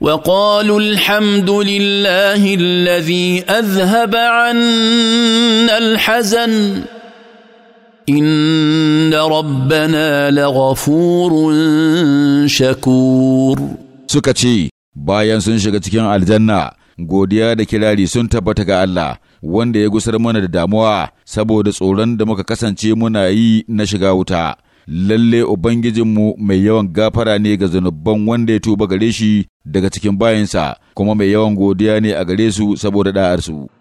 وقالوا الحمد لله الذي اذهب عنا الحزن ان ربنا لغفور شكور suka ce bayan sun shiga cikin aljanna godiya da kirari sun tabbata ga Allah wanda ya gusar mana da damuwa saboda tsoron da muka kasance muna yi na shiga wuta lalle Ubangijinmu mai yawan gafara ne ga zunuban wanda ya tuba gare shi daga cikin bayansa, kuma mai yawan godiya ne a gare su saboda da'arsu.